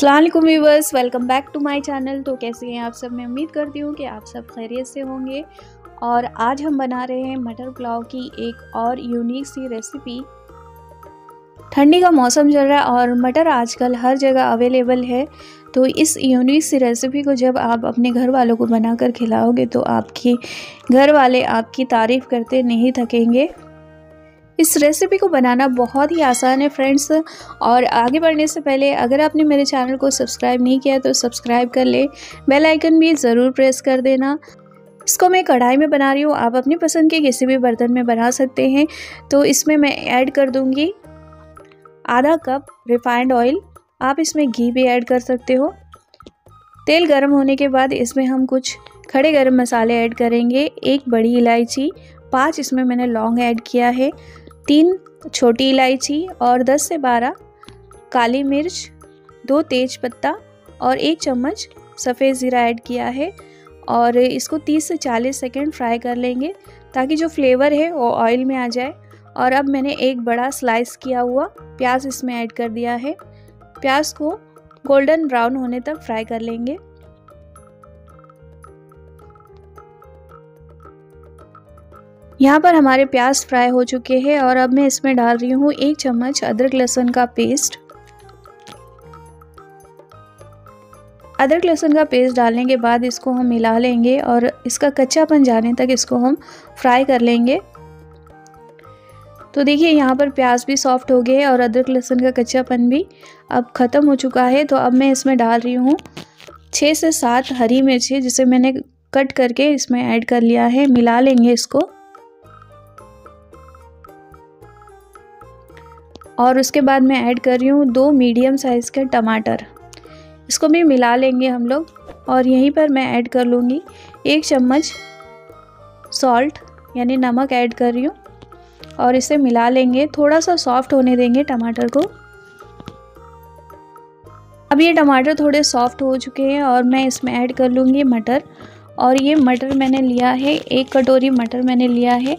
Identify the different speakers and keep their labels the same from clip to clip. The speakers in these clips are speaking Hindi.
Speaker 1: Allam viewers welcome back to my channel तो कैसे हैं आप सब मैं उम्मीद करती हूँ कि आप सब खैरियत से होंगे और आज हम बना रहे हैं मटर पुलाव की एक और यूनिक सी रेसिपी ठंडी का मौसम चल रहा है और मटर आजकल हर जगह अवेलेबल है तो इस यूनिक सी रेसिपी को जब आप अपने घर वालों को बनाकर खिलाओगे तो आपकी घर वाले आपकी तारीफ़ करते नहीं थकेंगे इस रेसिपी को बनाना बहुत ही आसान है फ्रेंड्स और आगे बढ़ने से पहले अगर आपने मेरे चैनल को सब्सक्राइब नहीं किया तो सब्सक्राइब कर ले बेल आइकन भी ज़रूर प्रेस कर देना इसको मैं कढ़ाई में बना रही हूँ आप अपनी पसंद के किसी भी बर्तन में बना सकते हैं तो इसमें मैं ऐड कर दूँगी आधा कप रिफाइंड ऑयल आप इसमें घी भी ऐड कर सकते हो तेल गर्म होने के बाद इसमें हम कुछ खड़े गर्म मसाले ऐड करेंगे एक बड़ी इलायची पांच इसमें मैंने लौंग ऐड किया है तीन छोटी इलायची और 10 से 12 काली मिर्च दो तेज पत्ता और एक चम्मच सफ़ेद ज़ीरा ऐड किया है और इसको 30 से 40 सेकेंड फ्राई कर लेंगे ताकि जो फ्लेवर है वो ऑयल में आ जाए और अब मैंने एक बड़ा स्लाइस किया हुआ प्याज इसमें ऐड कर दिया है प्याज को गोल्डन ब्राउन होने तक फ्राई कर लेंगे यहाँ पर हमारे प्याज फ्राई हो चुके हैं और अब मैं इसमें डाल रही हूँ एक चम्मच अदरक लहसुन का पेस्ट अदरक लहसुन का पेस्ट डालने के बाद इसको हम मिला लेंगे और इसका कच्चापन जाने तक इसको हम फ्राई कर लेंगे तो देखिए यहाँ पर प्याज भी सॉफ्ट हो गए और अदरक लहसुन का कच्चापन भी अब ख़त्म हो चुका है तो अब मैं इसमें डाल रही हूँ छः से सात हरी मिर्ची जिसे मैंने कट करके इसमें ऐड कर लिया है मिला लेंगे इसको और उसके बाद मैं ऐड कर रही हूँ दो मीडियम साइज़ के टमाटर इसको भी मिला लेंगे हम लोग और यहीं पर मैं ऐड कर लूँगी एक चम्मच सॉल्ट यानी नमक ऐड कर रही हूँ और इसे मिला लेंगे थोड़ा सा सॉफ्ट होने देंगे टमाटर को अब ये टमाटर थोड़े सॉफ्ट हो चुके हैं और मैं इसमें ऐड कर लूँगी मटर और ये मटर मैंने लिया है एक कटोरी मटर मैंने लिया है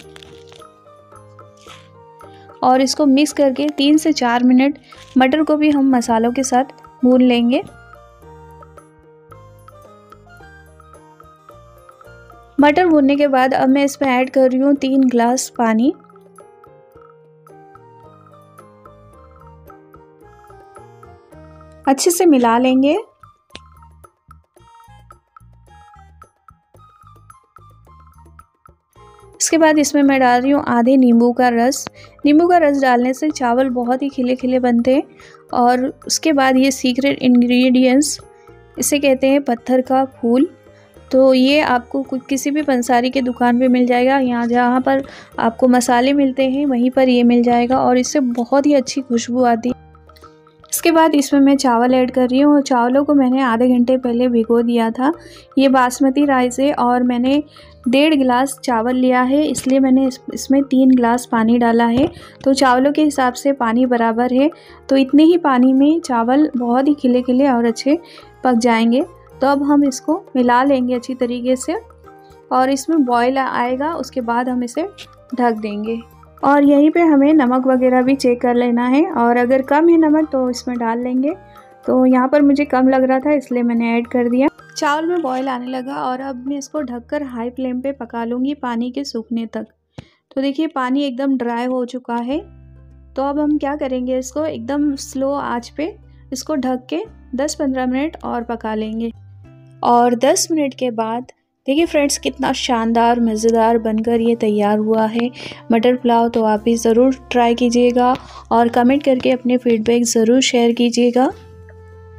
Speaker 1: और इसको मिक्स करके तीन से चार मिनट मटर को भी हम मसालों के साथ भून लेंगे मटर भूनने के बाद अब मैं इसमें ऐड कर रही हूँ तीन ग्लास पानी अच्छे से मिला लेंगे इसके बाद इसमें मैं डाल रही हूँ आधे नींबू का रस नींबू का रस डालने से चावल बहुत ही खिले खिले बनते हैं और उसके बाद ये सीक्रेट इंग्रेडिएंट्स इसे कहते हैं पत्थर का फूल तो ये आपको कुछ किसी भी पंसारी के दुकान पे मिल जाएगा यहाँ जहाँ पर आपको मसाले मिलते हैं वहीं पर ये मिल जाएगा और इससे बहुत ही अच्छी खुशबू आती है उसके बाद इसमें मैं चावल ऐड कर रही हूँ चावलों को मैंने आधे घंटे पहले भिगो दिया था ये बासमती राइस है और मैंने डेढ़ गिलास चावल लिया है इसलिए मैंने इस, इसमें तीन गिलास पानी डाला है तो चावलों के हिसाब से पानी बराबर है तो इतने ही पानी में चावल बहुत ही खिले खिले और अच्छे पक जाएंगे तो अब हम इसको मिला लेंगे अच्छी तरीके से और इसमें बॉयल आएगा उसके बाद हम इसे ढक देंगे और यहीं पे हमें नमक वगैरह भी चेक कर लेना है और अगर कम है नमक तो इसमें डाल लेंगे तो यहाँ पर मुझे कम लग रहा था इसलिए मैंने ऐड कर दिया चावल में बॉईल आने लगा और अब मैं इसको ढककर हाई फ्लेम पे पका लूँगी पानी के सूखने तक तो देखिए पानी एकदम ड्राई हो चुका है तो अब हम क्या करेंगे इसको एकदम स्लो आँच पर इसको ढक के दस पंद्रह मिनट और पका लेंगे और दस मिनट के बाद देखिए फ्रेंड्स कितना शानदार मज़ेदार बनकर ये तैयार हुआ है मटर पुलाव तो आप भी ज़रूर ट्राई कीजिएगा और कमेंट करके अपने फीडबैक ज़रूर शेयर कीजिएगा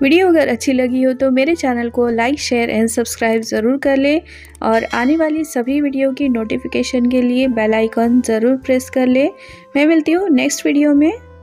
Speaker 1: वीडियो अगर अच्छी लगी हो तो मेरे चैनल को लाइक शेयर एंड सब्सक्राइब ज़रूर कर लें और आने वाली सभी वीडियो की नोटिफिकेशन के लिए बेल आइकन ज़रूर प्रेस कर लें मैं मिलती हूँ नेक्स्ट वीडियो में